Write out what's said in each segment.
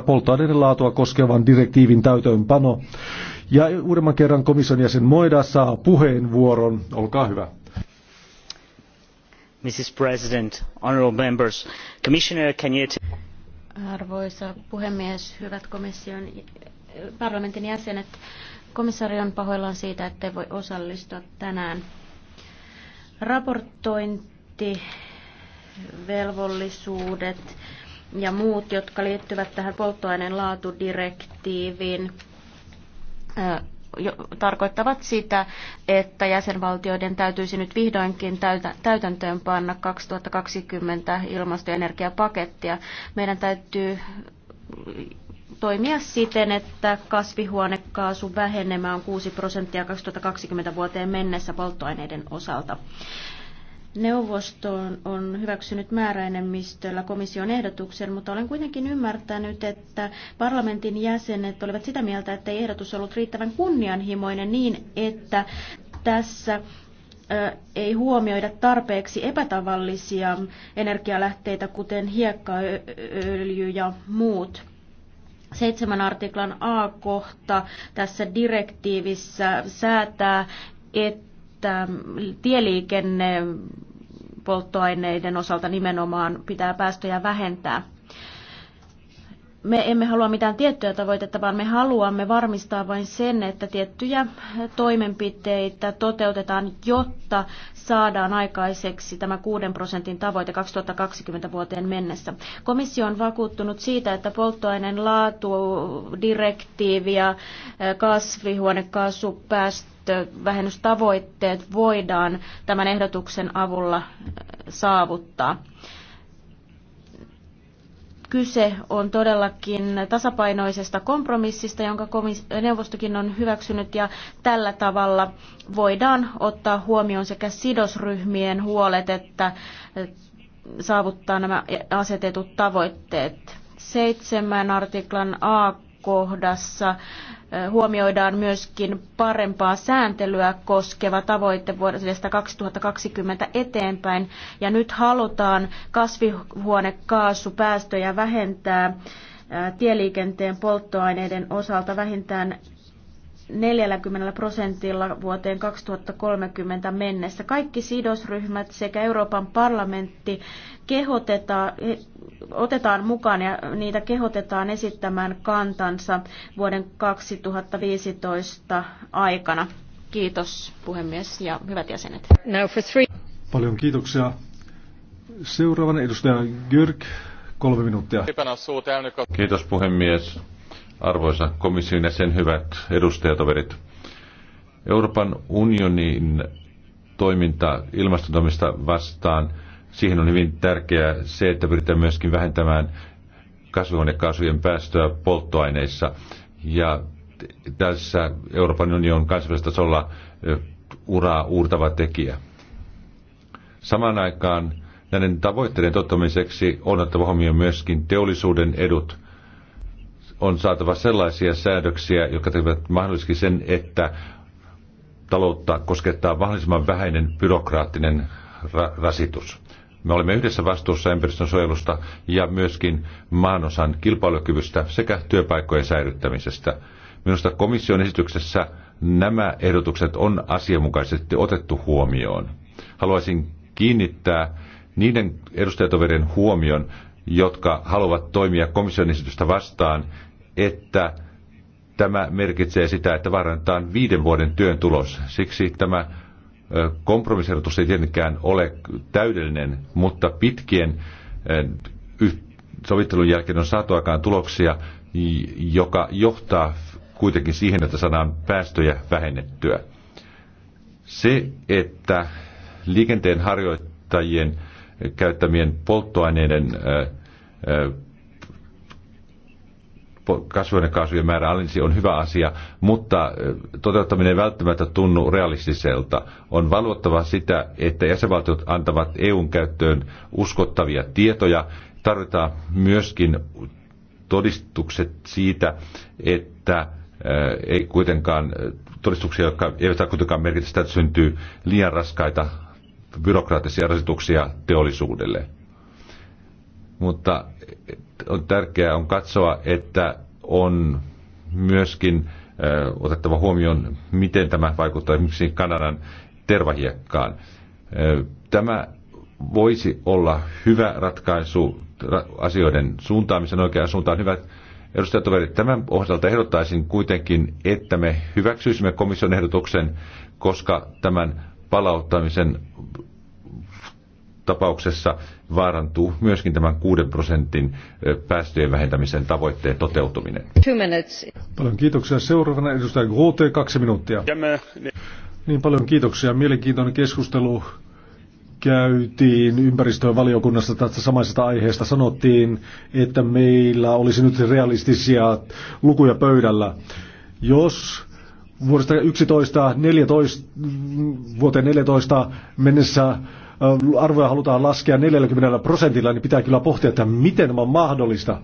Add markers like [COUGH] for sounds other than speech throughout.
polttoaineiden laatua koskevan direktiivin täytöönpano. Ja uudemman kerran komission jäsen Moida saa puheenvuoron. Olkaa hyvä. Mrs. President, honorable members, Commissioner Cañete. Arvoisa puhemies, hyvät komission parlamentin jäsenet, komissaari on pahoillaan siitä, että voi osallistua tänään. Raportointi velvollisuudet ja muut, jotka liittyvät tähän polttoaineen laatudirektiiviin, tarkoittavat sitä, että jäsenvaltioiden täytyisi nyt vihdoinkin täytäntöön panna 2020 ilmasto- ja energiapakettia. Meidän täytyy toimia siten, että kasvihuonekaasu vähenemään on 6 prosenttia 2020 vuoteen mennessä polttoaineiden osalta. Neuvosto on hyväksynyt määräenemmistöllä komission ehdotuksen, mutta olen kuitenkin ymmärtänyt, että parlamentin jäsenet olivat sitä mieltä, että ei ehdotus ollut riittävän kunnianhimoinen niin, että tässä ei huomioida tarpeeksi epätavallisia energialähteitä, kuten hiekkaöljy ja muut. Seitsemän artiklan A-kohta tässä direktiivissä säätää, että että tieliikenne polttoaineiden osalta nimenomaan pitää päästöjä vähentää. Me emme halua mitään tiettyä tavoitetta, vaan me haluamme varmistaa vain sen, että tiettyjä toimenpiteitä toteutetaan, jotta saadaan aikaiseksi tämä 6 prosentin tavoite 2020 vuoteen mennessä. Komissio on vakuuttunut siitä, että polttoaineen direktiivi ja eh, kasvihuonekaasupäästö päästövähennystavoitteet voidaan tämän ehdotuksen avulla äh, saavuttaa. Kyse on todellakin tasapainoisesta kompromissista, jonka neuvostokin on hyväksynyt ja tällä tavalla voidaan ottaa huomioon sekä sidosryhmien huolet että äh, saavuttaa nämä asetetut tavoitteet. Seitsemän artiklan A kohdassa huomioidaan myöskin parempaa sääntelyä koskeva tavoite vuodesta 2020 eteenpäin. Ja nyt halutaan kasvihuonekaasupäästöjä vähentää tieliikenteen polttoaineiden osalta vähintään 40 prosentilla vuoteen 2030 mennessä. Kaikki sidosryhmät sekä Euroopan parlamentti kehotetaan, otetaan mukaan ja niitä kehotetaan esittämään kantansa vuoden 2015 aikana. Kiitos puhemies ja hyvät jäsenet. Now for three. Paljon kiitoksia. Seuraavana edustaja Gyrk kolme minuuttia. Kiitos puhemies arvoisa komission ja sen hyvät edustajatoverit. Euroopan unionin toiminta ilmastotoimista vastaan, siihen on hyvin tärkeää se, että pyritään myöskin vähentämään kasvihuonekaasujen päästöä polttoaineissa. Ja tässä Euroopan unioni on kansainvälisellä tasolla uraa uurtava tekijä. Samaan aikaan näiden tavoitteiden toteutumiseksi on otettava huomioon myöskin teollisuuden edut – on saatava sellaisia säädöksiä, jotka tekevät mahdollisesti sen, että taloutta koskettaa mahdollisimman vähäinen byrokraattinen ra- rasitus. Me olemme yhdessä vastuussa ympäristön suojelusta ja myöskin maanosan kilpailukyvystä sekä työpaikkojen säilyttämisestä. Minusta komission esityksessä nämä ehdotukset on asianmukaisesti otettu huomioon. Haluaisin kiinnittää niiden edustajatoverien huomion, jotka haluavat toimia komission esitystä vastaan että tämä merkitsee sitä, että vaarannetaan viiden vuoden työn tulos. Siksi tämä kompromissiehdotus ei tietenkään ole täydellinen, mutta pitkien sovittelun jälkeen on saatu aikaan tuloksia, joka johtaa kuitenkin siihen, että saadaan päästöjä vähennettyä. Se, että liikenteen harjoittajien käyttämien polttoaineiden kasvihuonekaasujen määrä alensi on hyvä asia, mutta toteuttaminen ei välttämättä tunnu realistiselta. On valvottava sitä, että jäsenvaltiot antavat EUn käyttöön uskottavia tietoja. Tarvitaan myöskin todistukset siitä, että ei kuitenkaan todistuksia, jotka eivät kuitenkaan merkitä sitä, että syntyy liian raskaita byrokraattisia rasituksia teollisuudelle. Mutta on tärkeää on katsoa, että on myöskin äh, otettava huomioon, miten tämä vaikuttaa esimerkiksi Kanadan tervahiekkaan. Äh, tämä voisi olla hyvä ratkaisu asioiden suuntaamisen oikeaan suuntaan. Hyvät edustajatoverit, tämän osalta ehdottaisin kuitenkin, että me hyväksyisimme komission ehdotuksen, koska tämän palauttamisen tapauksessa vaarantuu myöskin tämän 6 prosentin päästöjen vähentämisen tavoitteen toteutuminen. Paljon kiitoksia. Seuraavana edustaja Grote, kaksi minuuttia. Niin paljon kiitoksia. Mielenkiintoinen keskustelu käytiin ympäristövaliokunnassa tästä samaisesta aiheesta. Sanottiin, että meillä olisi nyt realistisia lukuja pöydällä. Jos vuodesta 11 14, vuoteen 14 mennessä arvoja halutaan laskea 40 prosentilla, niin pitää kyllä pohtia, että miten tämä on mahdollista.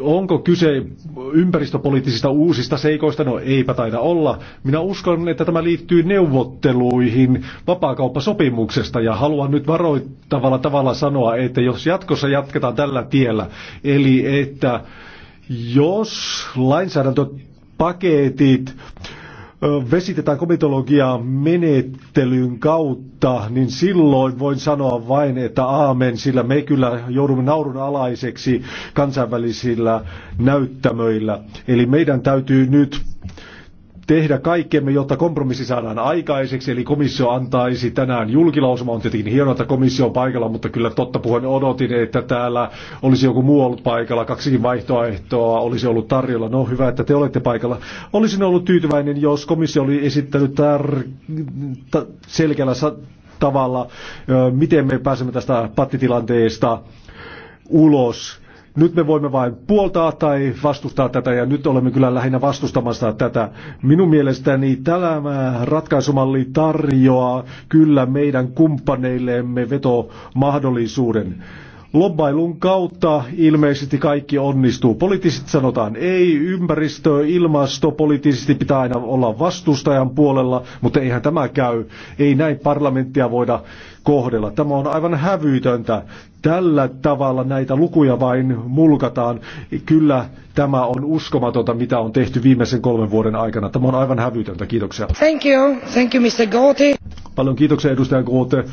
Onko kyse ympäristöpoliittisista uusista seikoista? No eipä taida olla. Minä uskon, että tämä liittyy neuvotteluihin vapaakauppasopimuksesta ja haluan nyt varoittavalla tavalla sanoa, että jos jatkossa jatketaan tällä tiellä, eli että jos lainsäädäntöpaketit paketit vesitetään komitologiaa menettelyn kautta, niin silloin voin sanoa vain, että aamen, sillä me kyllä joudumme naurun alaiseksi kansainvälisillä näyttämöillä. Eli meidän täytyy nyt tehdä kaikkemme, jotta kompromissi saadaan aikaiseksi, eli komissio antaisi tänään julkilausuma. On tietenkin hienoa, että komissio on paikalla, mutta kyllä totta puhuen odotin, että täällä olisi joku muu ollut paikalla, kaksikin vaihtoehtoa olisi ollut tarjolla. No hyvä, että te olette paikalla. Olisin ollut tyytyväinen, jos komissio oli esittänyt tar- ta- selkeällä tavalla, miten me pääsemme tästä pattitilanteesta ulos nyt me voimme vain puoltaa tai vastustaa tätä ja nyt olemme kyllä lähinnä vastustamassa tätä. Minun mielestäni tämä ratkaisumalli tarjoaa kyllä meidän kumppaneillemme vetomahdollisuuden. mahdollisuuden Lobbailun kautta ilmeisesti kaikki onnistuu. Poliittisesti sanotaan ei, ympäristö, ilmasto, poliittisesti pitää aina olla vastustajan puolella, mutta eihän tämä käy. Ei näin parlamenttia voida kohdella. Tämä on aivan hävytöntä. Tällä tavalla näitä lukuja vain mulkataan. Kyllä tämä on uskomatonta, mitä on tehty viimeisen kolmen vuoden aikana. Tämä on aivan hävytöntä. Kiitoksia. Thank you. Thank you, Mr. Goethe. Paljon kiitoksia, edustaja Goethe.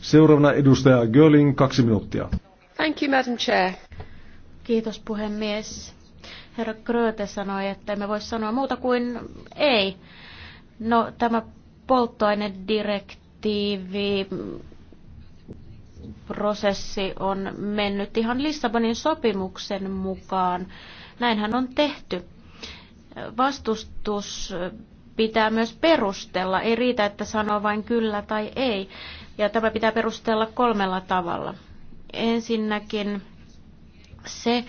Seuraavana edustaja Görling, kaksi minuuttia. Thank you, Madam Chair. Kiitos puhemies. Herra Gröte sanoi, että emme voi sanoa muuta kuin ei. No tämä polttoainedirektiivi prosessi on mennyt ihan Lissabonin sopimuksen mukaan. Näinhän on tehty. Vastustus pitää myös perustella. Ei riitä, että sanoo vain kyllä tai ei. Ja tämä pitää perustella kolmella tavalla. Ensinnäkin se,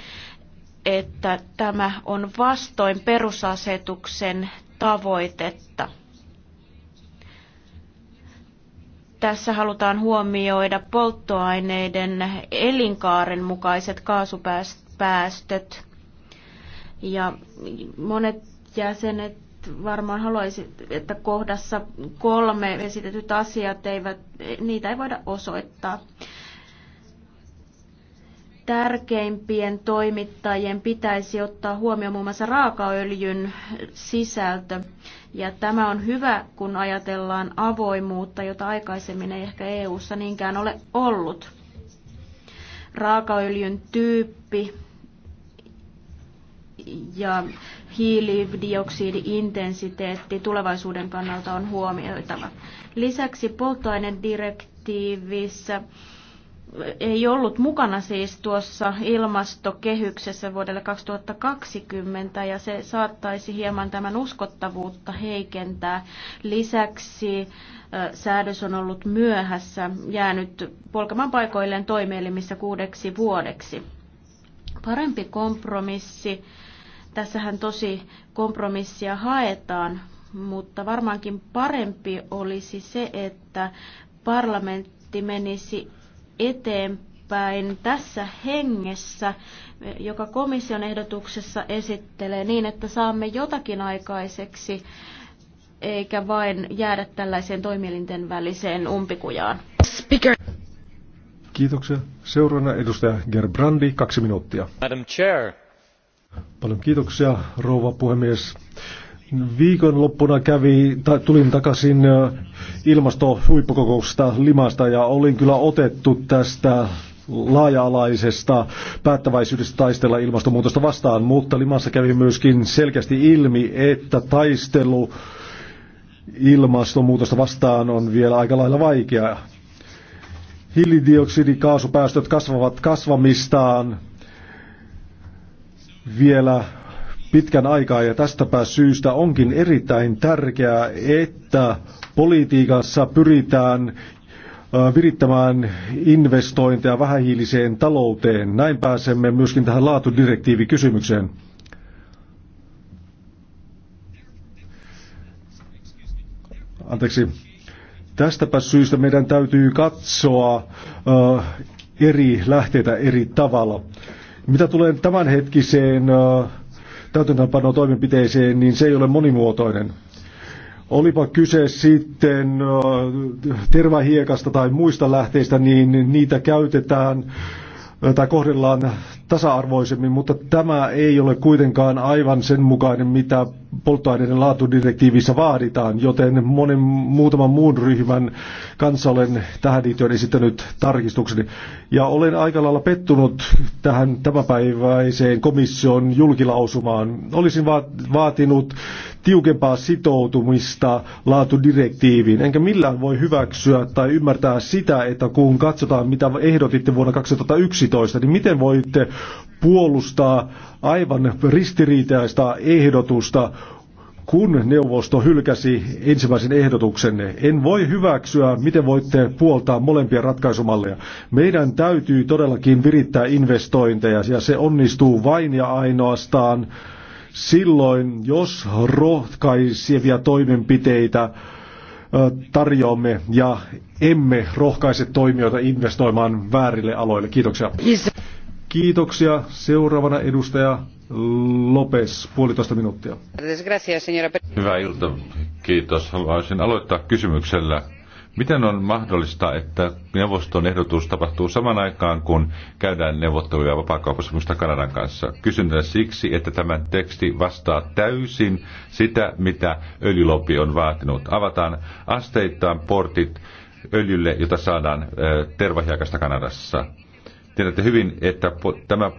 että tämä on vastoin perusasetuksen tavoitetta. Tässä halutaan huomioida polttoaineiden elinkaaren mukaiset kaasupäästöt. Ja monet jäsenet varmaan haluaisi, että kohdassa kolme esitetyt asiat eivät, niitä ei voida osoittaa. Tärkeimpien toimittajien pitäisi ottaa huomioon muun muassa raakaöljyn sisältö. Ja tämä on hyvä, kun ajatellaan avoimuutta, jota aikaisemmin ei ehkä EU-ssa niinkään ole ollut. Raakaöljyn tyyppi ja hiilidioksidiintensiteetti tulevaisuuden kannalta on huomioitava. Lisäksi polttoainedirektiivissä ei ollut mukana siis tuossa ilmastokehyksessä vuodelle 2020 ja se saattaisi hieman tämän uskottavuutta heikentää. Lisäksi säädös on ollut myöhässä, jäänyt polkemaan paikoilleen toimielimissä kuudeksi vuodeksi. Parempi kompromissi Tässähän tosi kompromissia haetaan, mutta varmaankin parempi olisi se, että parlamentti menisi eteenpäin tässä hengessä, joka komission ehdotuksessa esittelee niin, että saamme jotakin aikaiseksi, eikä vain jäädä tällaiseen toimielinten väliseen umpikujaan. Speaker. Kiitoksia. Seuraavana edustaja Gerbrandi, kaksi minuuttia. Madam Chair. Paljon kiitoksia, rouva puhemies. Viikonloppuna kävi, tai tulin takaisin ilmastohuippukokouksesta Limasta ja olin kyllä otettu tästä laaja-alaisesta päättäväisyydestä taistella ilmastonmuutosta vastaan, mutta Limassa kävi myöskin selkeästi ilmi, että taistelu ilmastonmuutosta vastaan on vielä aika lailla vaikeaa. Hiilidioksidikaasupäästöt kasvavat kasvamistaan vielä pitkän aikaa ja tästäpä syystä onkin erittäin tärkeää, että politiikassa pyritään virittämään investointeja vähähiiliseen talouteen. Näin pääsemme myöskin tähän laatudirektiivikysymykseen. Anteeksi. Tästäpä syystä meidän täytyy katsoa eri lähteitä eri tavalla. Mitä tulee tämänhetkiseen äh, täytäntöönpanon toimenpiteeseen, niin se ei ole monimuotoinen. Olipa kyse sitten äh, tervahiekasta tai muista lähteistä, niin niitä käytetään tai kohdellaan tasa-arvoisemmin, mutta tämä ei ole kuitenkaan aivan sen mukainen, mitä polttoaineiden laatudirektiivissä vaaditaan, joten monen muutaman muun ryhmän kanssa olen tähän liittyen esittänyt tarkistukseni. Ja olen aika lailla pettunut tähän tämänpäiväiseen komission julkilausumaan. Olisin vaatinut tiukempaa sitoutumista laatudirektiiviin. Enkä millään voi hyväksyä tai ymmärtää sitä, että kun katsotaan mitä ehdotitte vuonna 2011, niin miten voitte puolustaa aivan ristiriitaista ehdotusta kun neuvosto hylkäsi ensimmäisen ehdotuksenne. En voi hyväksyä, miten voitte puoltaa molempia ratkaisumalleja. Meidän täytyy todellakin virittää investointeja, ja se onnistuu vain ja ainoastaan Silloin, jos rohkaisevia toimenpiteitä tarjoamme ja emme rohkaise toimijoita investoimaan väärille aloille. Kiitoksia. Kiitoksia. Seuraavana edustaja Lopes, puolitoista minuuttia. Hyvää iltaa. Kiitos. Haluaisin aloittaa kysymyksellä Miten on mahdollista, että neuvoston ehdotus tapahtuu saman aikaan, kun käydään neuvotteluja vapaakauppasopimusta Kanadan kanssa? Kysyn siksi, että tämä teksti vastaa täysin sitä, mitä öljylopi on vaatinut. Avataan asteittain portit öljylle, jota saadaan tervahiakasta Kanadassa. Tiedätte hyvin, että tämä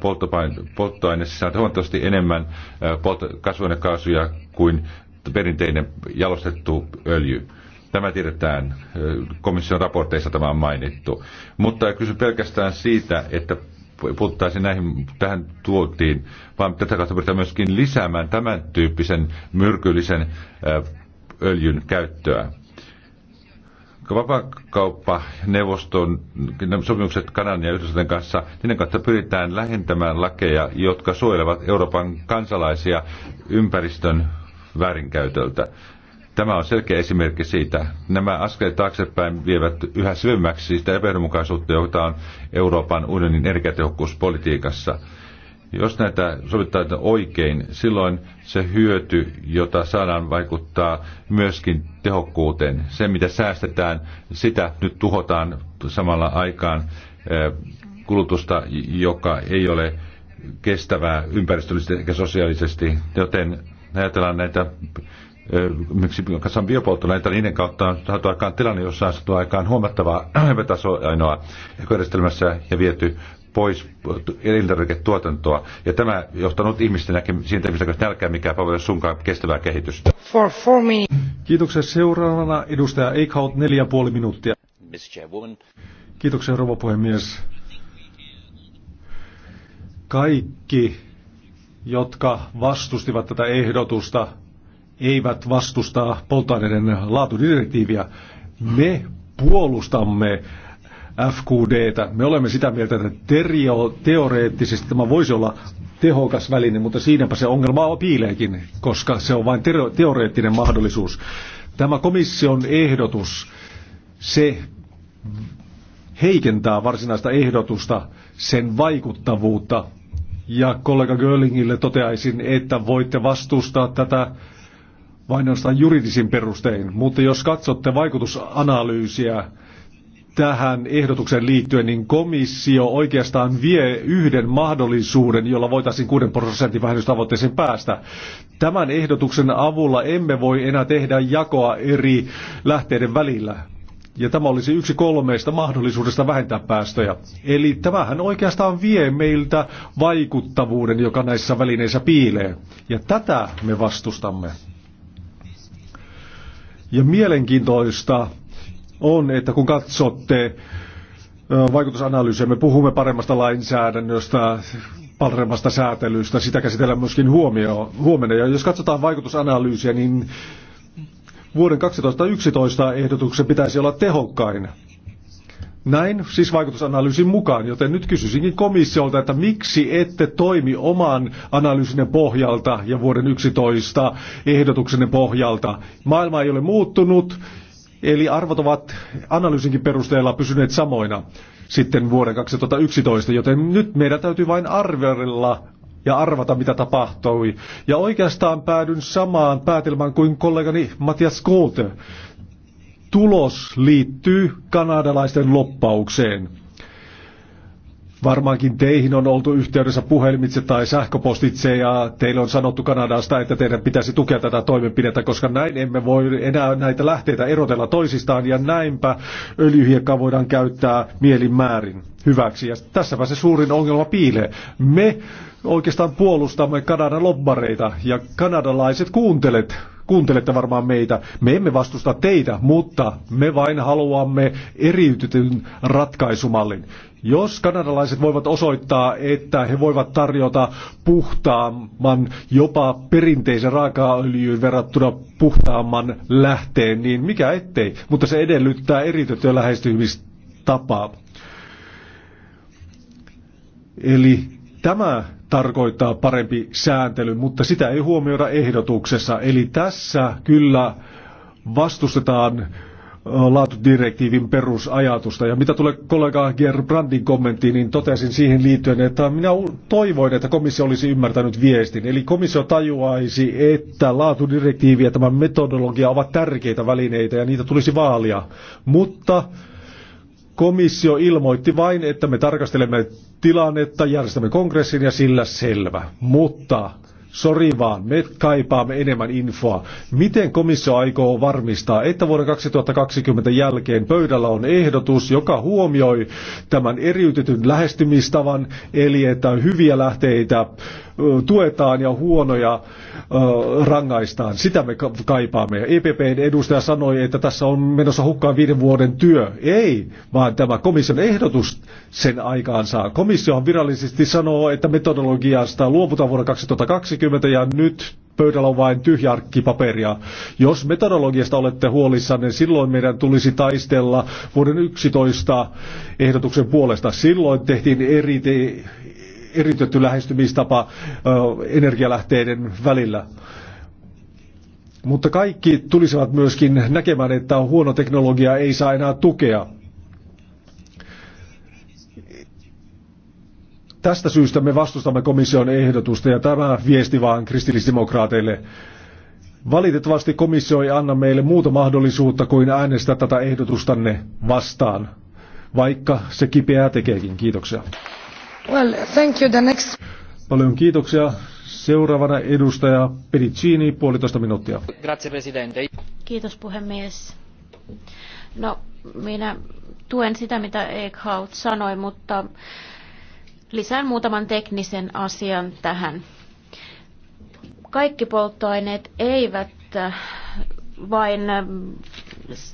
polttoaine sisältää huomattavasti enemmän kasvihuonekaasuja kuin perinteinen jalostettu öljy Tämä tiedetään, komission raporteissa tämä on mainittu. Mutta kysyn pelkästään siitä, että puhuttaisiin näihin, tähän tuotiin, vaan tätä kautta pyritään myöskin lisäämään tämän tyyppisen myrkyllisen öljyn käyttöä. Vapakauppaneuvoston sopimukset Kanadan ja Yhdysvaltain kanssa, niiden kautta pyritään lähentämään lakeja, jotka suojelevat Euroopan kansalaisia ympäristön väärinkäytöltä. Tämä on selkeä esimerkki siitä. Nämä askeleet taaksepäin vievät yhä syvemmäksi sitä epäjohdonmukaisuutta, jota on Euroopan unionin energiatehokkuuspolitiikassa. Jos näitä sovittaa oikein, silloin se hyöty, jota saadaan vaikuttaa myöskin tehokkuuteen. Se, mitä säästetään, sitä nyt tuhotaan samalla aikaan eh, kulutusta, joka ei ole kestävää ympäristöllisesti eikä sosiaalisesti. Joten ajatellaan näitä miksi kasan biopolttoaineita, niin niiden kautta on saatu aikaan tilanne, jossa on saatu aikaan huomattavaa [CLEARS THROAT] epätasoainoa ekojärjestelmässä ja viety pois elintarviketuotantoa. Ja tämä johtanut ihmisten näkemään siitä, että nälkää, mikä palvelee sunkaan kestävää kehitystä. For me. Kiitoksia seuraavana edustaja Eichhout, neljä puoli minuuttia. Kiitoksia rouva puhemies. Kaikki, jotka vastustivat tätä ehdotusta, eivät vastusta polttoaineiden laatudirektiiviä. Me puolustamme FQDtä. Me olemme sitä mieltä, että terio, teoreettisesti tämä voisi olla tehokas väline, mutta siinäpä se ongelma on piileekin, koska se on vain tero, teoreettinen mahdollisuus. Tämä komission ehdotus, se heikentää varsinaista ehdotusta, sen vaikuttavuutta. Ja kollega Görlingille toteaisin, että voitte vastustaa tätä vain ainoastaan juridisin perustein, mutta jos katsotte vaikutusanalyysiä tähän ehdotukseen liittyen, niin komissio oikeastaan vie yhden mahdollisuuden, jolla voitaisiin 6 prosentin vähennystavoitteeseen päästä. Tämän ehdotuksen avulla emme voi enää tehdä jakoa eri lähteiden välillä. Ja tämä olisi yksi kolmeista mahdollisuudesta vähentää päästöjä. Eli tämähän oikeastaan vie meiltä vaikuttavuuden, joka näissä välineissä piilee. Ja tätä me vastustamme. Ja mielenkiintoista on, että kun katsotte vaikutusanalyysiä, me puhumme paremmasta lainsäädännöstä, paremmasta säätelystä, sitä käsitellään myöskin huomio, huomenna. Ja jos katsotaan vaikutusanalyysiä, niin vuoden 2011 ehdotuksen pitäisi olla tehokkain. Näin siis vaikutusanalyysin mukaan, joten nyt kysyisinkin komissiolta, että miksi ette toimi oman analyysinne pohjalta ja vuoden 11 ehdotuksenne pohjalta. Maailma ei ole muuttunut, eli arvot ovat analyysinkin perusteella pysyneet samoina sitten vuoden 2011, joten nyt meidän täytyy vain arvella ja arvata, mitä tapahtui. Ja oikeastaan päädyn samaan päätelmään kuin kollegani Matias Kulte tulos liittyy kanadalaisten loppaukseen. Varmaankin teihin on oltu yhteydessä puhelimitse tai sähköpostitse ja teille on sanottu Kanadasta, että teidän pitäisi tukea tätä toimenpidettä, koska näin emme voi enää näitä lähteitä erotella toisistaan ja näinpä öljyhiekkaa voidaan käyttää mielimäärin hyväksi. Ja tässäpä se suurin ongelma piilee. Me oikeastaan puolustamme Kanadan lobbareita ja kanadalaiset kuuntelet kuuntelette varmaan meitä. Me emme vastusta teitä, mutta me vain haluamme eriytetyn ratkaisumallin. Jos kanadalaiset voivat osoittaa, että he voivat tarjota puhtaamman, jopa perinteisen raakaöljyyn verrattuna puhtaamman lähteen, niin mikä ettei. Mutta se edellyttää eriytettyä lähestymistapaa. Eli tämä tarkoittaa parempi sääntely, mutta sitä ei huomioida ehdotuksessa. Eli tässä kyllä vastustetaan laatudirektiivin perusajatusta. Ja mitä tulee kollega Gerbrandin kommenttiin, niin totesin siihen liittyen, että minä toivoin, että komissio olisi ymmärtänyt viestin. Eli komissio tajuaisi, että laatudirektiivi ja tämä metodologia ovat tärkeitä välineitä ja niitä tulisi vaalia. Mutta Komissio ilmoitti vain, että me tarkastelemme tilannetta, järjestämme kongressin ja sillä selvä. Mutta Sori vaan, me kaipaamme enemmän infoa. Miten komissio aikoo varmistaa, että vuoden 2020 jälkeen pöydällä on ehdotus, joka huomioi tämän eriytetyn lähestymistavan, eli että hyviä lähteitä tuetaan ja huonoja rangaistaan. Sitä me kaipaamme. EPPn edustaja sanoi, että tässä on menossa hukkaan viiden vuoden työ. Ei, vaan tämä komission ehdotus sen aikaan saa. Komissio virallisesti sanoo, että metodologiasta luovutaan vuonna 2020 ja nyt pöydällä on vain tyhjä arkkipaperia Jos metodologiasta olette huolissanne, niin silloin meidän tulisi taistella vuoden 11 ehdotuksen puolesta. Silloin tehtiin eri, eritetty lähestymistapa energialähteiden välillä. Mutta kaikki tulisivat myöskin näkemään, että huono teknologia ei saa enää tukea. Tästä syystä me vastustamme komission ehdotusta ja tämä viesti vaan kristillisdemokraateille. Valitettavasti komissio ei anna meille muuta mahdollisuutta kuin äänestää tätä ehdotustanne vastaan, vaikka se kipeää tekeekin. Kiitoksia. Well, thank you. The next... Paljon kiitoksia. Seuraavana edustaja Pericini puolitoista minuuttia. Grazie, presidente. Kiitos puhemies. No, minä tuen sitä, mitä Eichhout sanoi, mutta lisään muutaman teknisen asian tähän. Kaikki polttoaineet eivät vain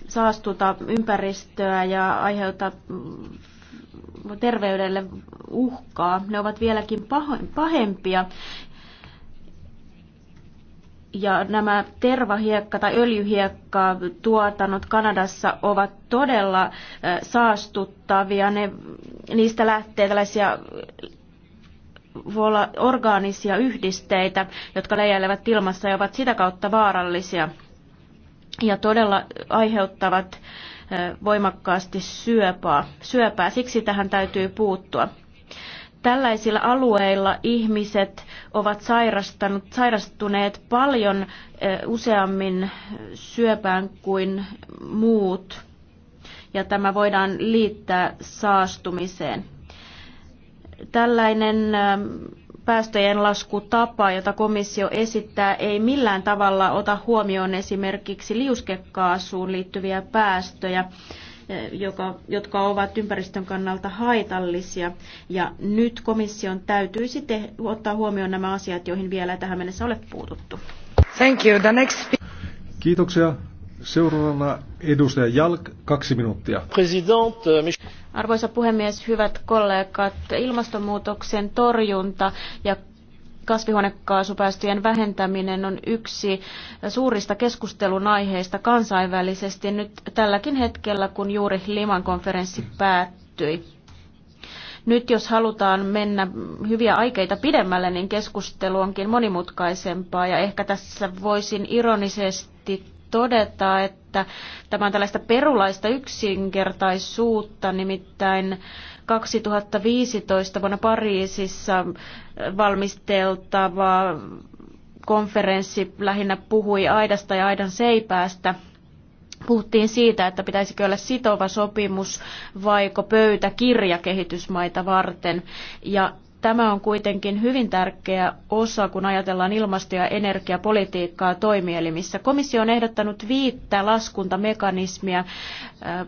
saastuta ympäristöä ja aiheuta terveydelle uhkaa. Ne ovat vieläkin pahempia. Ja nämä tervahiekka- tai öljyhiekka tuotannot Kanadassa ovat todella saastuttavia. Ne, niistä lähtee tällaisia voi olla orgaanisia yhdisteitä, jotka leijäilevät ilmassa ja ovat sitä kautta vaarallisia ja todella aiheuttavat äh, voimakkaasti syöpää. syöpää. Siksi tähän täytyy puuttua. Tällaisilla alueilla ihmiset ovat sairastuneet paljon useammin syöpään kuin muut, ja tämä voidaan liittää saastumiseen. Tällainen päästöjen laskutapa, jota komissio esittää, ei millään tavalla ota huomioon esimerkiksi liuskekaasuun liittyviä päästöjä, eh, joka, jotka ovat ympäristön kannalta haitallisia. Ja nyt komission täytyisi te, ottaa huomioon nämä asiat, joihin vielä tähän mennessä ole puututtu. Thank you. The next... Kiitoksia. Seuraavana edustaja Jalk, kaksi minuuttia. President, euh, Arvoisa puhemies, hyvät kollegat, ilmastonmuutoksen torjunta ja kasvihuonekaasupäästöjen vähentäminen on yksi suurista keskustelun aiheista kansainvälisesti nyt tälläkin hetkellä, kun juuri Liman konferenssi päättyi. Nyt jos halutaan mennä hyviä aikeita pidemmälle, niin keskustelu onkin monimutkaisempaa ja ehkä tässä voisin ironisesti todeta, että tämä on tällaista perulaista yksinkertaisuutta, nimittäin 2015 vuonna Pariisissa valmisteltava konferenssi lähinnä puhui aidasta ja aidan seipäästä. Puhuttiin siitä, että pitäisikö olla sitova sopimus vaiko pöytäkirja kehitysmaita varten. Ja Tämä on kuitenkin hyvin tärkeä osa, kun ajatellaan ilmasto- ja energiapolitiikkaa toimielimissä. Komissio on ehdottanut viittä laskuntamekanismia äh,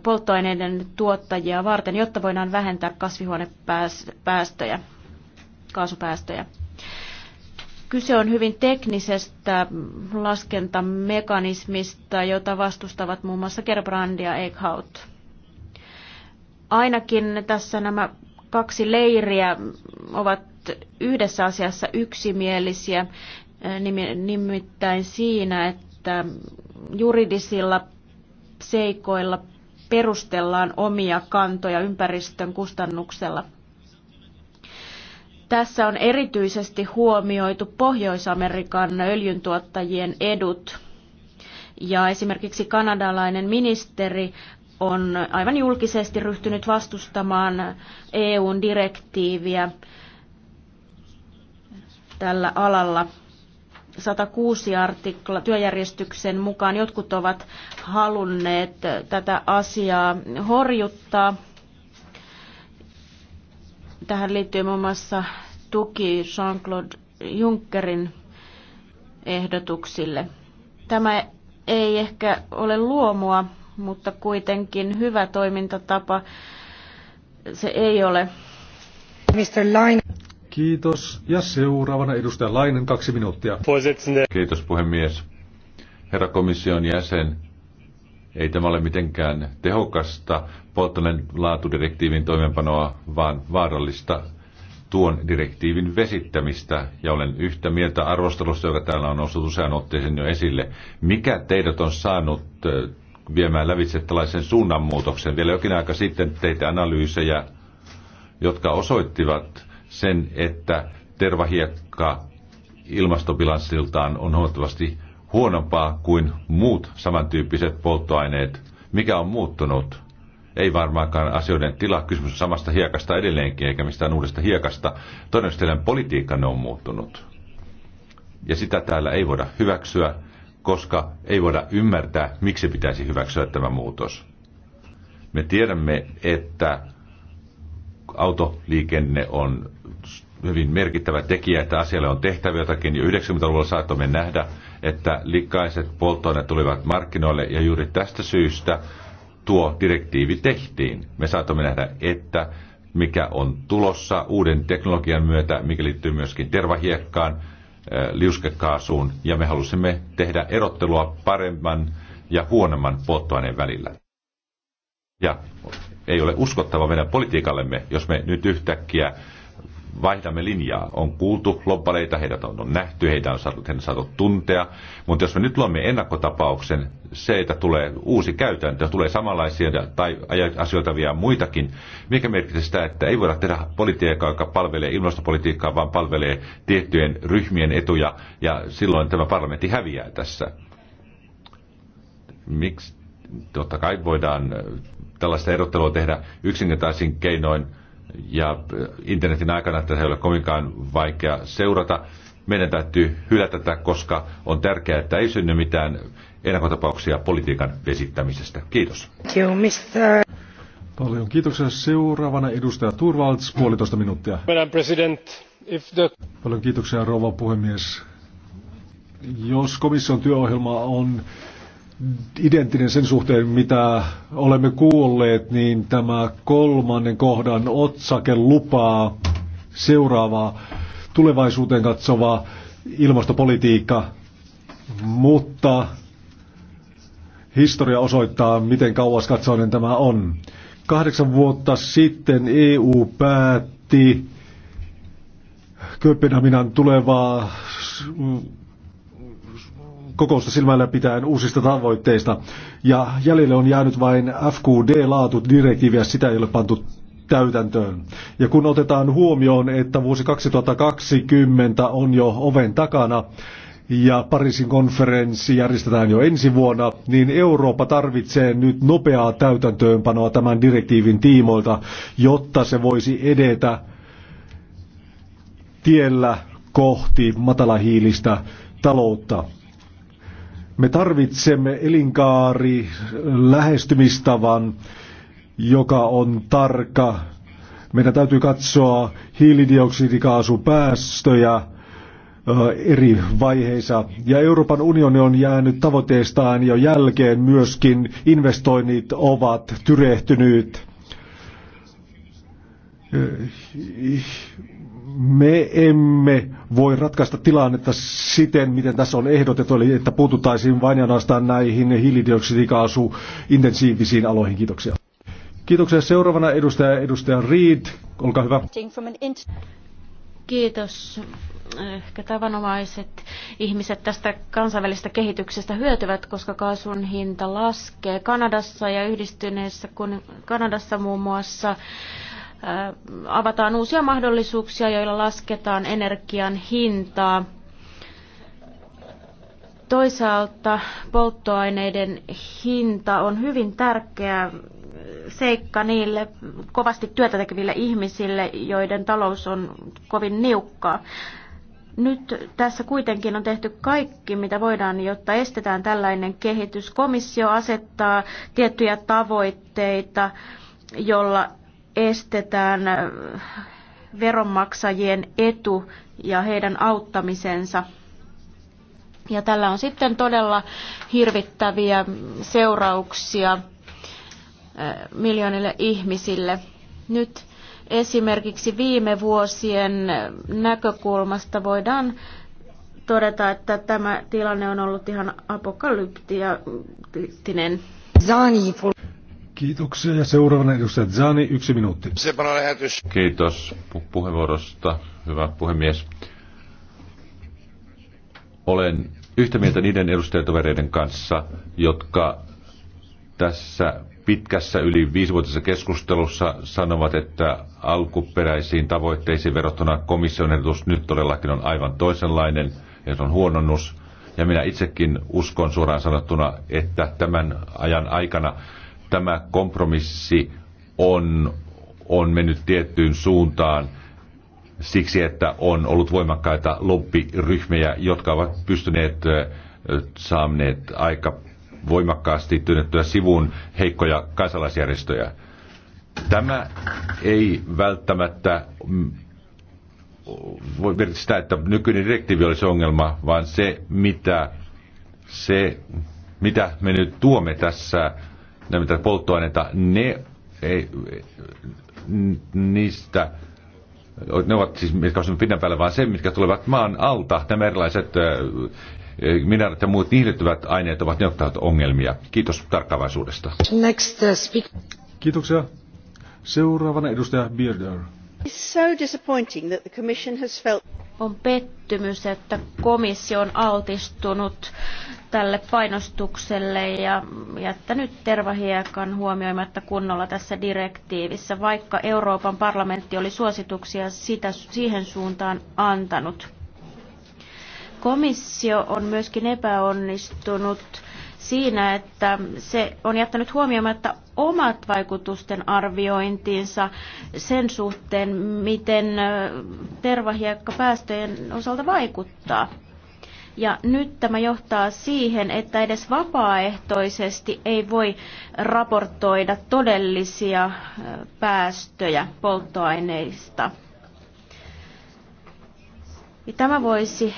polttoaineiden tuottajia varten, jotta voidaan vähentää kasvihuonepäästöjä, kaasupäästöjä. Kyse on hyvin teknisestä laskentamekanismista, jota vastustavat muun muassa Gerbrand ja Eichhout. Ainakin tässä nämä kaksi leiriä ovat yhdessä asiassa yksimielisiä, nimittäin siinä, että juridisilla seikoilla perustellaan omia kantoja ympäristön kustannuksella. Tässä on erityisesti huomioitu Pohjois-Amerikan öljyntuottajien edut. Ja esimerkiksi kanadalainen ministeri on aivan julkisesti ryhtynyt vastustamaan EUn direktiiviä tällä alalla. 106 artikla työjärjestyksen mukaan jotkut ovat halunneet tätä asiaa horjuttaa. Tähän liittyy muun muassa tuki Jean-Claude Junckerin ehdotuksille. Tämä ei ehkä ole luomua, mutta kuitenkin hyvä toimintatapa se ei ole. Mr. Line. Kiitos. Ja seuraavana edustaja Lainen, kaksi minuuttia. Kiitos puhemies. Herra komission jäsen, ei tämä ole mitenkään tehokasta polttoaineen laatudirektiivin toimeenpanoa, vaan vaarallista tuon direktiivin vesittämistä, ja olen yhtä mieltä arvostelusta, joka täällä on noussut usean otteeseen jo esille. Mikä teidät on saanut viemään lävitse tällaisen suunnanmuutoksen. Vielä jokin aika sitten teitä analyysejä, jotka osoittivat sen, että tervahiekka ilmastobilanssiltaan on huomattavasti huonompaa kuin muut samantyyppiset polttoaineet. Mikä on muuttunut? Ei varmaankaan asioiden tila. Kysymys on samasta hiekasta edelleenkin, eikä mistään uudesta hiekasta. Todennäköisesti ne on muuttunut. Ja sitä täällä ei voida hyväksyä koska ei voida ymmärtää, miksi pitäisi hyväksyä tämä muutos. Me tiedämme, että autoliikenne on hyvin merkittävä tekijä, että asialle on tehtävä jotakin. Jo 90-luvulla saattoimme nähdä, että likaiset polttoaineet tulivat markkinoille ja juuri tästä syystä tuo direktiivi tehtiin. Me saatamme nähdä, että mikä on tulossa uuden teknologian myötä, mikä liittyy myöskin tervahiekkaan, Äh, liuskekaasuun ja me halusimme tehdä erottelua paremman ja huonomman polttoaineen välillä. Ja ei ole uskottava meidän politiikallemme, jos me nyt yhtäkkiä vaihdamme linjaa. On kuultu lobbareita, heidät on nähty, heitä on saatu, heidät on saatu tuntea, mutta jos me nyt luomme ennakkotapauksen, se, että tulee uusi käytäntö, tulee samanlaisia tai asioita vielä muitakin, mikä merkitsee sitä, että ei voida tehdä politiikkaa, joka palvelee ilmastopolitiikkaa, vaan palvelee tiettyjen ryhmien etuja, ja silloin tämä parlamentti häviää tässä. Miksi? Totta kai voidaan äh, tällaista erottelua tehdä yksinkertaisin keinoin, ja äh, internetin aikana tätä ei ole kovinkaan vaikea seurata. Meidän täytyy hylätä tätä, koska on tärkeää, että ei synny mitään ennakotapauksia politiikan vesittämisestä. Kiitos. Paljon kiitoksia. Seuraavana edustaja Turvalds, puolitoista minuuttia. Madam President, if the... Paljon kiitoksia, rouva puhemies. Jos komission työohjelma on identtinen sen suhteen, mitä olemme kuulleet, niin tämä kolmannen kohdan otsake lupaa seuraavaa tulevaisuuteen katsovaa ilmastopolitiikka, mutta historia osoittaa, miten kauas katsoinen tämä on. Kahdeksan vuotta sitten EU päätti Kööpenhaminan tulevaa kokousta silmällä pitäen uusista tavoitteista. Ja jäljelle on jäänyt vain fqd direktiiviä, sitä ei ole pantu täytäntöön. Ja kun otetaan huomioon, että vuosi 2020 on jo oven takana, ja Pariisin konferenssi järjestetään jo ensi vuonna, niin Eurooppa tarvitsee nyt nopeaa täytäntöönpanoa tämän direktiivin tiimoilta, jotta se voisi edetä tiellä kohti matalahiilistä taloutta. Me tarvitsemme elinkaari lähestymistavan, joka on tarkka. Meidän täytyy katsoa hiilidioksidikaasupäästöjä eri vaiheissa. Ja Euroopan unioni on jäänyt tavoitteestaan jo jälkeen myöskin investoinnit ovat tyrehtyneet me emme voi ratkaista tilannetta siten, miten tässä on ehdotettu, eli että puututtaisiin vain ja ainoastaan näihin hiilidioksidikaasu intensiivisiin aloihin. Kiitoksia. Kiitoksia. Seuraavana edustaja, edustaja Reid. Olkaa hyvä. Kiitos. Ehkä tavanomaiset ihmiset tästä kansainvälisestä kehityksestä hyötyvät, koska kaasun hinta laskee Kanadassa ja yhdistyneessä kun Kanadassa muun muassa avataan uusia mahdollisuuksia, joilla lasketaan energian hintaa. Toisaalta polttoaineiden hinta on hyvin tärkeä seikka niille kovasti työtä tekeville ihmisille, joiden talous on kovin niukkaa. Nyt tässä kuitenkin on tehty kaikki, mitä voidaan, jotta estetään tällainen kehitys. Komissio asettaa tiettyjä tavoitteita, jolla estetään äh, veronmaksajien etu ja heidän auttamisensa. Ja tällä on sitten todella hirvittäviä seurauksia äh, miljoonille ihmisille. Nyt esimerkiksi viime vuosien näkökulmasta voidaan todeta, että tämä tilanne on ollut ihan apokalyptinen. Kiitoksia. Ja seuraavana edustaja Zani, yksi minuutti. Kiitos pu- puheenvuorosta, hyvä puhemies. Olen yhtä mieltä niiden edustajatovereiden kanssa, jotka tässä pitkässä yli viisivuotisessa keskustelussa sanovat, että alkuperäisiin tavoitteisiin verrattuna komission ehdotus nyt todellakin on aivan toisenlainen ja se on huononnus. Ja minä itsekin uskon suoraan sanottuna, että tämän ajan aikana tämä kompromissi on, on mennyt tiettyyn suuntaan siksi, että on ollut voimakkaita lobbyryhmiä, jotka ovat pystyneet saamneet aika voimakkaasti työnnettyä sivuun heikkoja kansalaisjärjestöjä. Tämä ei välttämättä mm, voi merkitä sitä, että nykyinen direktiivi olisi ongelma, vaan se, mitä, se, mitä me nyt tuomme tässä näitä polttoaineita, ne ei, niistä ne ovat siis, mitkä ovat pinnan päällä, vaan se, mitkä tulevat maan alta, nämä erilaiset mineraalit ja muut niihdyttävät aineet ovat ne ottavat ongelmia. Kiitos tarkkaavaisuudesta. Next uh, speak. Kiitoksia. Seuraavana edustaja Bierder. It's so disappointing that the Commission has felt on pettymys, että komissio on altistunut tälle painostukselle ja jättänyt tervahiekan huomioimatta kunnolla tässä direktiivissä, vaikka Euroopan parlamentti oli suosituksia sitä, siihen suuntaan antanut. Komissio on myöskin epäonnistunut siinä, että se on jättänyt huomioon, että omat vaikutusten arviointiinsa sen suhteen, miten tervahiekka päästöjen osalta vaikuttaa. Ja nyt tämä johtaa siihen, että edes vapaaehtoisesti ei voi raportoida todellisia päästöjä polttoaineista. Tämä voisi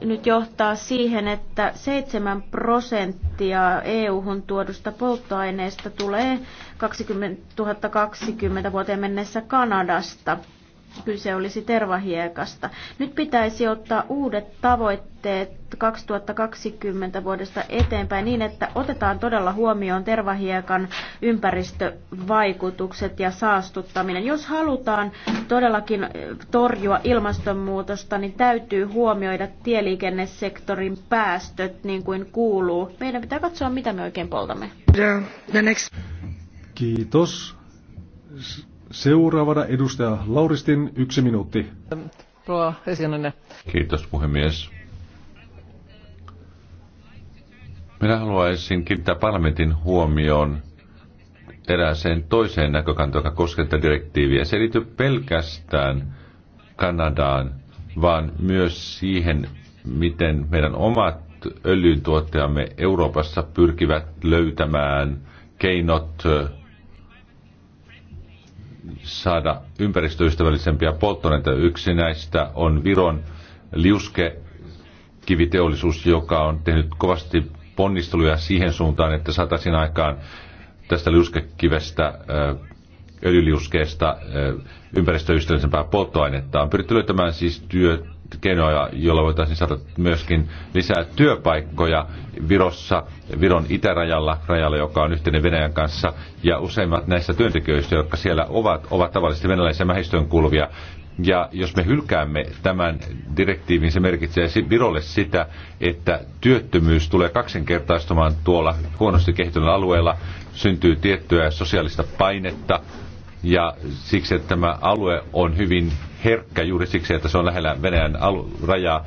nyt johtaa siihen, että 7 prosenttia EU-hun tuodusta polttoaineesta tulee 2020 vuoteen mennessä Kanadasta kyse olisi tervahiekasta. Nyt pitäisi ottaa uudet tavoitteet 2020 vuodesta eteenpäin niin, että otetaan todella huomioon tervahiekan ympäristövaikutukset ja saastuttaminen. Jos halutaan todellakin eh, torjua ilmastonmuutosta, niin täytyy huomioida tieliikennesektorin päästöt niin kuin kuuluu. Meidän pitää katsoa, mitä me oikein poltamme. Kiitos Seuraavana edustaja Lauristin yksi minuutti. Kiitos puhemies. Minä haluaisin kiinnittää parlamentin huomioon erääseen toiseen näkökantoon, joka koskee tätä direktiiviä. Se ei liity pelkästään Kanadaan, vaan myös siihen, miten meidän omat öljyntuottajamme Euroopassa pyrkivät löytämään keinot saada ympäristöystävällisempiä polttoaineita. Yksi näistä on Viron kiviteollisuus, joka on tehnyt kovasti ponnisteluja siihen suuntaan, että saataisiin aikaan tästä liuskekivestä, öljyliuskeesta ympäristöystävällisempää polttoainetta. On pyritty löytämään siis työ keinoja, joilla voitaisiin saada myöskin lisää työpaikkoja Virossa, Viron itärajalla, rajalla, joka on yhteinen Venäjän kanssa. Ja useimmat näistä työntekijöistä, jotka siellä ovat, ovat tavallisesti venäläisen mähistöön kuuluvia. Ja jos me hylkäämme tämän direktiivin, se merkitsee Virolle sitä, että työttömyys tulee kaksinkertaistumaan tuolla huonosti kehittyneellä alueella, syntyy tiettyä sosiaalista painetta, ja siksi, että tämä alue on hyvin herkkä juuri siksi, että se on lähellä Venäjän rajaa.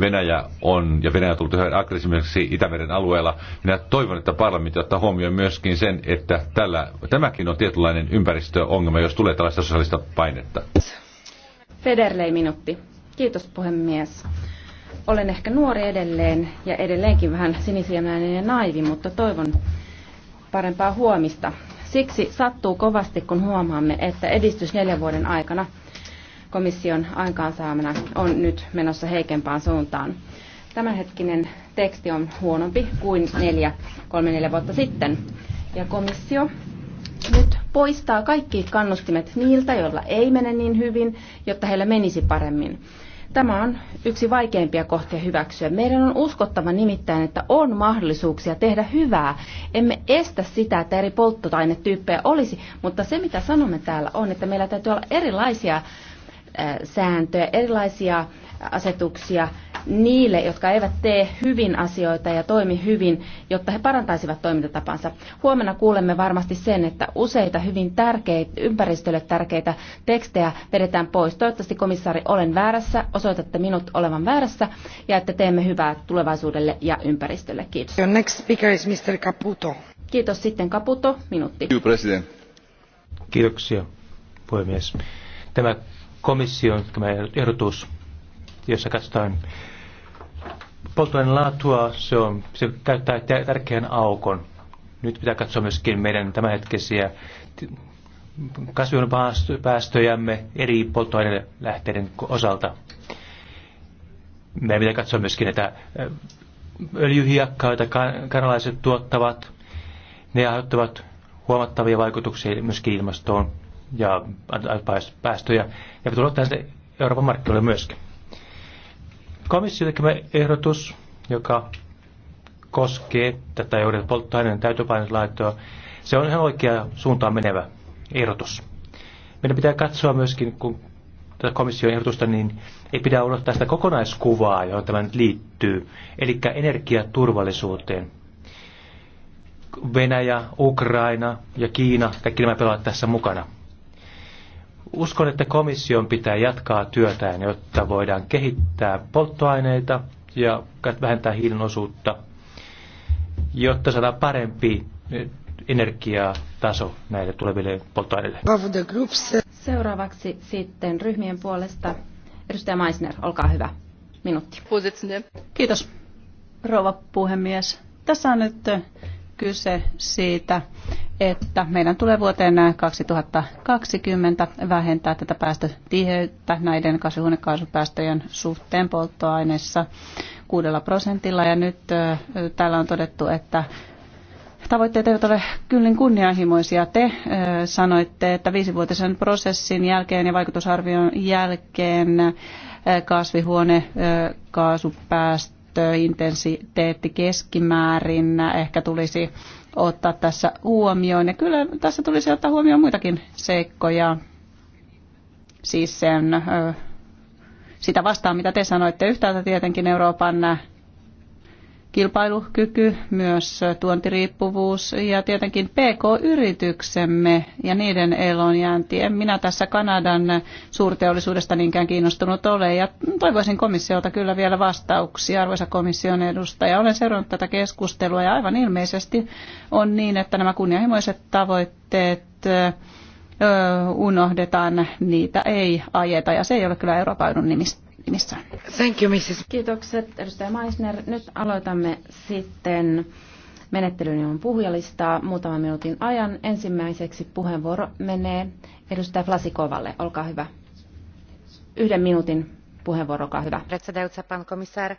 Venäjä on, ja Venäjä on tullut yhä aggressiiviseksi Itämeren alueella. Minä toivon, että parlamentti ottaa huomioon myöskin sen, että tällä, tämäkin on tietynlainen ympäristöongelma, jos tulee tällaista sosiaalista painetta. Federley minuutti. Kiitos puhemies. Olen ehkä nuori edelleen ja edelleenkin vähän sinisilmäinen ja naivi, mutta toivon parempaa huomista. Siksi sattuu kovasti, kun huomaamme, että edistys neljän vuoden aikana komission aikaansaamana on nyt menossa heikempään suuntaan. Tämänhetkinen teksti on huonompi kuin neljä, kolme neljä vuotta sitten. Ja komissio nyt poistaa kaikki kannustimet niiltä, joilla ei mene niin hyvin, jotta heillä menisi paremmin. Tämä on yksi vaikeimpia kohtia hyväksyä. Meidän on uskottava nimittäin, että on mahdollisuuksia tehdä hyvää. Emme estä sitä, että eri polttotainetyyppejä olisi, mutta se mitä sanomme täällä on, että meillä täytyy olla erilaisia sääntöjä, erilaisia asetuksia niille, jotka eivät tee hyvin asioita ja toimi hyvin, jotta he parantaisivat toimintatapansa. Huomenna kuulemme varmasti sen, että useita hyvin tärkeitä, ympäristölle tärkeitä tekstejä vedetään pois. Toivottavasti komissaari olen väärässä, osoitatte minut olevan väärässä ja että teemme hyvää tulevaisuudelle ja ympäristölle. Kiitos. Your next speaker is Mr. Caputo. Kiitos sitten Caputo, minuutti. You, president. Kiitoksia, puhemies. Tämä komission tämä ehdotus jossa katsotaan polttoaineen laatua, se, on, se täyttää tärkeän aukon. Nyt pitää katsoa myöskin meidän tämänhetkisiä kasvihuonepäästöjämme eri polttoainelähteiden osalta. Meidän pitää katsoa myöskin näitä öljyhiakkaa joita kanalaiset tuottavat. Ne aiheuttavat huomattavia vaikutuksia myöskin ilmastoon ja päästöjä. Ja tulee tästä Euroopan markkinoille myöskin. Komission tekemä ehdotus, joka koskee tätä Euroopan polttoaineen täytöpainoslaitoa, se on ihan oikea suuntaan menevä ehdotus. Meidän pitää katsoa myöskin, kun tätä komission ehdotusta, niin ei pidä unohtaa sitä kokonaiskuvaa, johon tämä nyt liittyy, eli energiaturvallisuuteen. Venäjä, Ukraina ja Kiina, kaikki nämä pelaavat tässä mukana. Uskon, että komission pitää jatkaa työtään, jotta voidaan kehittää polttoaineita ja vähentää hiilin osuutta, jotta saadaan parempi eh, energiataso näille tuleville polttoaineille. Seuraavaksi sitten ryhmien puolesta edustaja Meisner, olkaa hyvä. Minuutti. Kiitos, rouva puhemies. Tässä on nyt eh, kyse siitä, että meidän tulee vuoteen 2020 vähentää tätä päästötiheyttä näiden kasvihuonekaasupäästöjen suhteen polttoaineissa 6 prosentilla. Ja nyt täällä on todettu, että tavoitteet eivät ole kyllin kunnianhimoisia. Te sanoitte, että viisivuotisen prosessin jälkeen ja vaikutusarvion jälkeen kasvihuonekaasupäästöintensiteetti keskimäärin ehkä tulisi ottaa tässä huomioon. Ja kyllä tässä tulisi ottaa huomioon muitakin seikkoja. Siis sen, sitä vastaan, mitä te sanoitte yhtäältä tietenkin Euroopan kilpailukyky, myös tuontiriippuvuus ja tietenkin PK-yrityksemme ja niiden elonjäänti. En minä tässä Kanadan suurteollisuudesta niinkään kiinnostunut ole ja toivoisin komissiolta kyllä vielä vastauksia, arvoisa komission edustaja. Olen seurannut tätä keskustelua ja aivan ilmeisesti on niin, että nämä kunnianhimoiset tavoitteet unohdetaan, niitä ei ajeta ja se ei ole kyllä Euroopan nimistä nimissä. Thank you, Mrs. Kiitokset, edustaja Meisner. Nyt aloitamme sitten menettelyn on puhujalistaa muutaman minuutin ajan. Ensimmäiseksi puheenvuoro menee edustaja Flasikovalle. Olkaa hyvä. Yhden minuutin puheenvuoro, olkaa hyvä. Predsedajúca, pan komisár,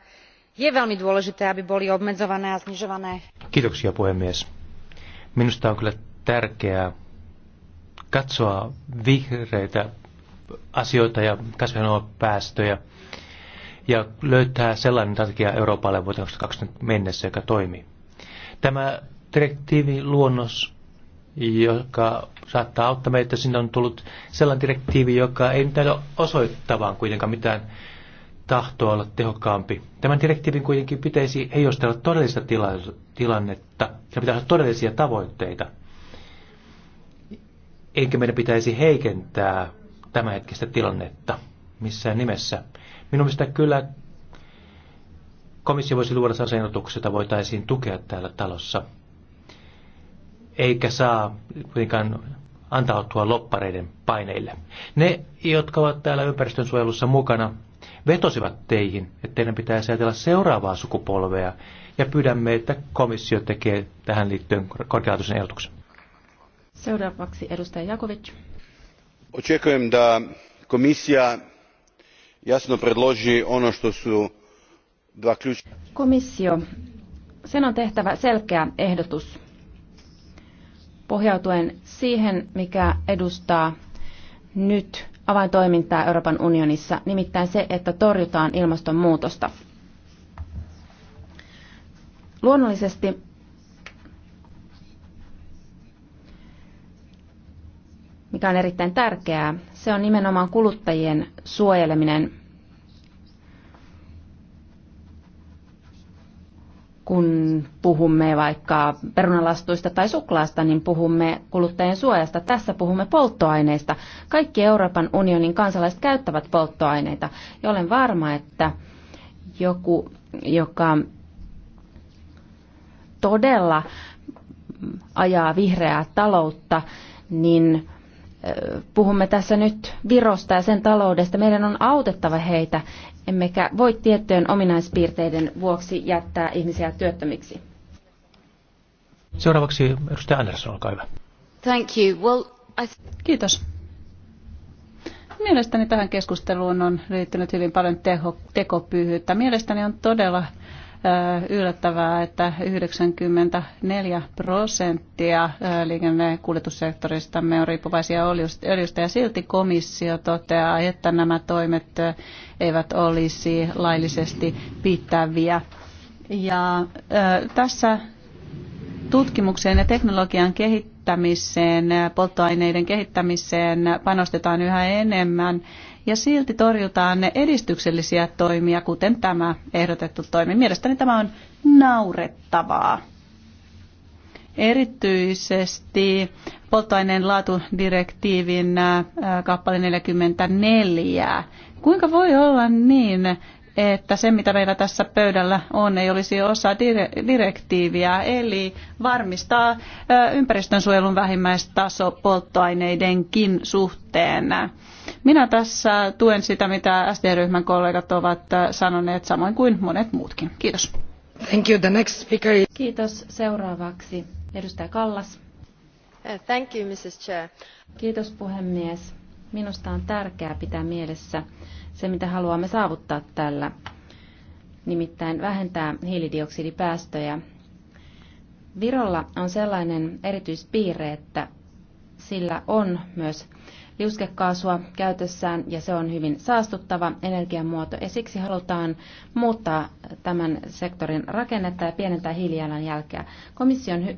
je veľmi dôležité, aby boli obmedzované a znižované. Kiitoksia puhemies. Minusta on kyllä tärkeää katsoa vihreitä asioita ja kasvihuonepäästöjä ja löytää sellainen strategia Euroopalle vuoteen 2020 mennessä, joka toimii. Tämä direktiiviluonnos, joka saattaa auttaa meitä, sinne on tullut sellainen direktiivi, joka ei nyt näytä osoittavan kuitenkaan mitään tahtoa olla tehokkaampi. Tämän direktiivin kuitenkin pitäisi heijastella todellista tila- tilannetta ja pitäisi olla todellisia tavoitteita. Eikä meidän pitäisi heikentää tämänhetkistä tilannetta missään nimessä. Minun mielestä kyllä komissio voisi luoda sellaisen ehdotuksen, jota voitaisiin tukea täällä talossa. Eikä saa kuitenkaan antautua loppareiden paineille. Ne, jotka ovat täällä ympäristönsuojelussa mukana, vetosivat teihin, että teidän pitää ajatella seuraavaa sukupolvea, ja pyydämme, että komissio tekee tähän liittyen korkealaatuisen ehdotuksen. Seuraavaksi edustaja Jakovic očekujem da komisija jasno predloži ono što su dva ključna. komissio sen on tehtävä selkeä ehdotus pohjautuen siihen mikä edustaa nyt avaintoimintaa Euroopan unionissa, nimittäin se, että torjutaan ilmastonmuutosta. Luonnollisesti mikä on erittäin tärkeää, se on nimenomaan kuluttajien suojeleminen, kun puhumme vaikka perunalastuista tai suklaasta, niin puhumme kuluttajien suojasta. Tässä puhumme polttoaineista. Kaikki Euroopan unionin kansalaiset käyttävät polttoaineita. Ja olen varma, että joku, joka todella ajaa vihreää taloutta, niin puhumme tässä nyt Virosta ja sen taloudesta. Meidän on autettava heitä, emmekä voi tiettyjen ominaispiirteiden vuoksi jättää ihmisiä työttömiksi. Seuraavaksi edustaja Andersson, olkaa hyvä. Thank you. Well, I... Kiitos. Mielestäni tähän keskusteluun on liittynyt hyvin paljon teho, tekopyhyyttä. Mielestäni on todella yllättävää, että 94 prosenttia liikennekuljetussektoristamme on riippuvaisia öljystä ja silti komissio toteaa, että nämä toimet eivät olisi laillisesti pitäviä. Ja tässä tutkimukseen ja teknologian kehittämiseen, polttoaineiden kehittämiseen panostetaan yhä enemmän ja silti torjutaan ne edistyksellisiä toimia, kuten tämä ehdotettu toimi. Mielestäni tämä on naurettavaa. Erityisesti polttoaineen laatudirektiivin äh, äh, kappale 44. Kuinka voi olla niin, että se, mitä meillä tässä pöydällä on, ei olisi osa direktiiviä, eli varmistaa äh, ympäristönsuojelun vähimmäistaso polttoaineidenkin suhteen. Minä tässä tuen sitä, mitä SD-ryhmän kollegat ovat äh, sanoneet, samoin kuin monet muutkin. Kiitos. Thank you. The next speaker is... Kiitos. Seuraavaksi edustaja Kallas. Uh, thank you, Mrs. Chair. Kiitos puhemies. Minusta on tärkeää pitää mielessä se, mitä haluamme saavuttaa tällä, nimittäin vähentää hiilidioksidipäästöjä. Virolla on sellainen erityispiirre, että sillä on myös liuskekaasua käytössään ja se on hyvin saastuttava energiamuoto ja siksi halutaan muuttaa tämän sektorin rakennetta ja pienentää hiilijalanjälkeä. Komission hy-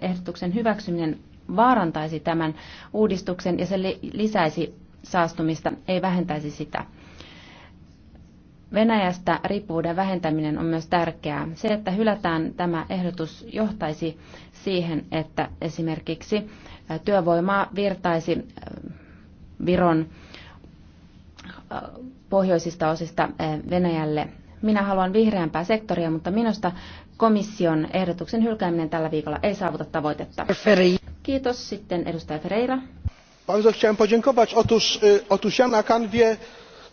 ehdotuksen hyväksyminen vaarantaisi tämän uudistuksen ja se lisäisi saastumista, ei vähentäisi sitä. Venäjästä riippuvuuden vähentäminen on myös tärkeää. Se, että hylätään tämä ehdotus, johtaisi siihen, että esimerkiksi työvoimaa virtaisi Viron äh, pohjoisista osista äh, Venäjälle. Minä haluan vihreämpää sektoria, mutta minusta komission ehdotuksen hylkääminen tällä viikolla ei saavuta tavoitetta. Kiitos. Sitten edustaja Ferreira. Bardzo chciałem podziękować. Otóż, otóż ja na kanwie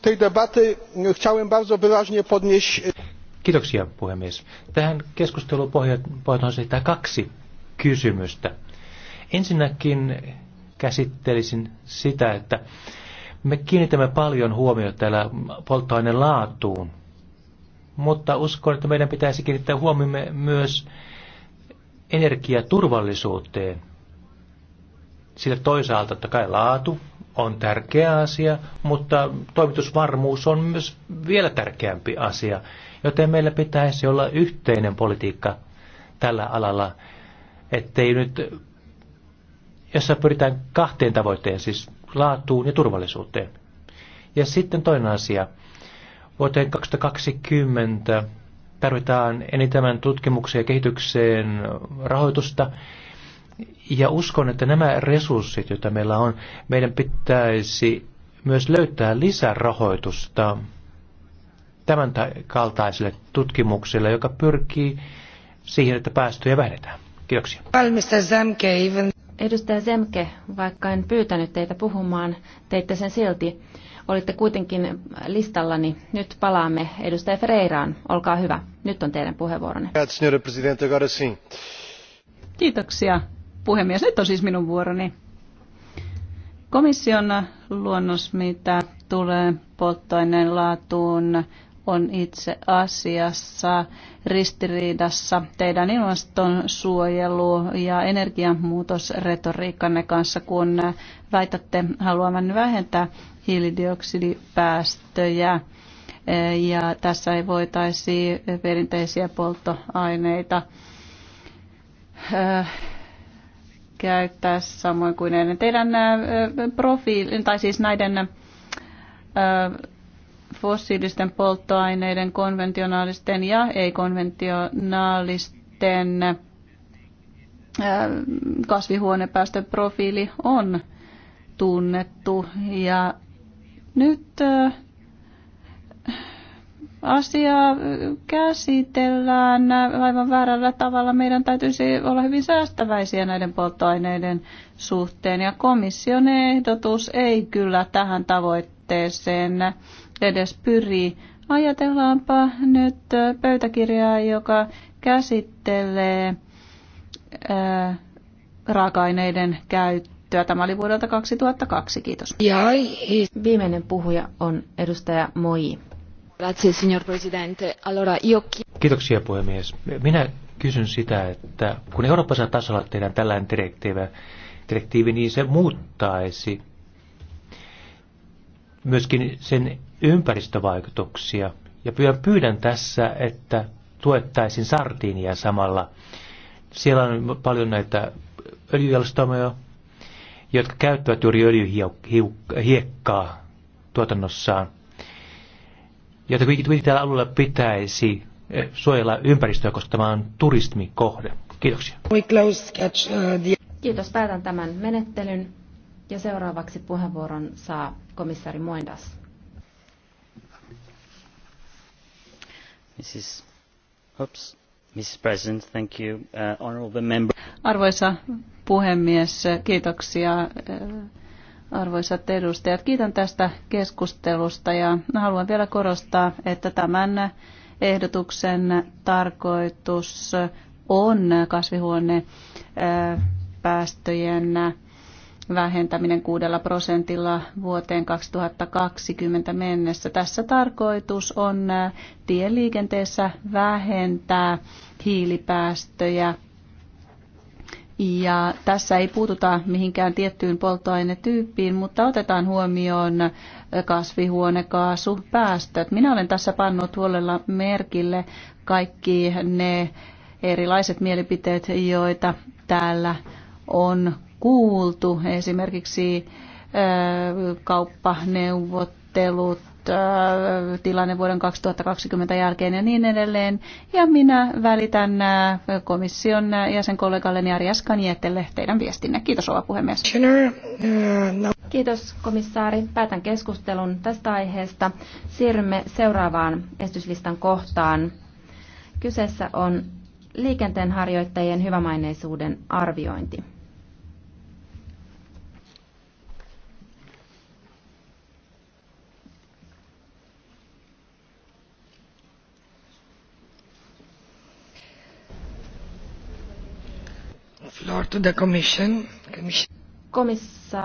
tej debaty chciałem bardzo wyraźnie podnieść... Kiitoksia puhemies. Tähän keskusteluun pohjautuisi kaksi kysymystä. Ensinnäkin käsittelisin sitä, että me kiinnitämme paljon huomiota täällä polttoaineen laatuun, mutta uskon, että meidän pitäisi kiinnittää huomiomme myös energiaturvallisuuteen. Sillä toisaalta totta kai laatu on tärkeä asia, mutta toimitusvarmuus on myös vielä tärkeämpi asia, joten meillä pitäisi olla yhteinen politiikka tällä alalla, ettei nyt jossa pyritään kahteen tavoitteen, siis laatuun ja turvallisuuteen. Ja sitten toinen asia. Vuoteen 2020 tarvitaan eniten tutkimukseen ja kehitykseen rahoitusta. Ja uskon, että nämä resurssit, joita meillä on, meidän pitäisi myös löytää lisärahoitusta tämän kaltaiselle tutkimukselle, joka pyrkii siihen, että päästöjä vähennetään. Kiitoksia. Edustaja Zemke, vaikka en pyytänyt teitä puhumaan, teitte sen silti. Olitte kuitenkin listallani. Nyt palaamme edustaja Freiraan. Olkaa hyvä. Nyt on teidän puheenvuoronne. Kiitoksia, puhemies. Nyt on siis minun vuoroni. Komission luonnos, mitä tulee polttoaineen laatuun, on itse asiassa ristiriidassa teidän ilmastonsuojelu- ja energiamuutosretoriikkanne kanssa, kun väitätte haluavan vähentää hiilidioksidipäästöjä. Ja tässä ei voitaisi perinteisiä polttoaineita äh, käyttää samoin kuin ennen teidän äh, profiilin, tai siis näiden äh, fossiilisten polttoaineiden konventionaalisten ja ei-konventionaalisten äh, kasvihuonepäästöprofiili on tunnettu. Ja nyt äh, asiaa käsitellään aivan väärällä tavalla. Meidän täytyisi olla hyvin säästäväisiä näiden polttoaineiden suhteen. Ja komission ehdotus ei kyllä tähän tavoitteeseen edes pyri. Ajatellaanpa nyt pöytäkirjaa, joka käsittelee ää, raaka-aineiden käyttöä. Tämä oli vuodelta 2002, kiitos. Jai. Viimeinen puhuja on edustaja Moi. Grazie, signor Presidente. Allora, io... Kiitoksia, puhemies. Minä kysyn sitä, että kun Euroopassa tasolla tehdään tällainen direktiivi, direktiivi, niin se muuttaisi myöskin sen ympäristövaikutuksia. Ja pyydän tässä, että tuettaisiin sartiinia samalla. Siellä on paljon näitä öljyjalostamoja, jotka käyttävät juuri öljyhiekkaa tuotannossaan. Joita kuitenkin tällä alueella pitäisi eh, suojella ympäristöä, koska tämä on turismikohde. Kiitoksia. Uh, Kiitos. Päätän tämän menettelyn. Ja seuraavaksi puheenvuoron saa komissaari Moendas. Uh, Arvoisa puhemies, kiitoksia uh, arvoisat edustajat. Kiitän tästä keskustelusta ja haluan vielä korostaa, että tämän ehdotuksen tarkoitus on kasvihuonepäästöjen. Uh, päästöjen vähentäminen kuudella prosentilla vuoteen 2020 mennessä. Tässä tarkoitus on tieliikenteessä vähentää hiilipäästöjä. Ja tässä ei puututa mihinkään tiettyyn polttoainetyyppiin, mutta otetaan huomioon kasvihuonekaasupäästöt. Minä olen tässä pannut huolella merkille kaikki ne erilaiset mielipiteet, joita täällä on kuultu. Esimerkiksi äh, kauppaneuvottelut äh, tilanne vuoden 2020 jälkeen ja niin edelleen. Ja minä välitän äh, komission jäsenkollegalleni Ari Jaskanietelle teidän viestinne. Kiitos ova puhemies. Kiitos komissaari. Päätän keskustelun tästä aiheesta. Siirrymme seuraavaan esityslistan kohtaan. Kyseessä on liikenteenharjoittajien hyvämaineisuuden arviointi. Lord to the Commission. Commission. Komissa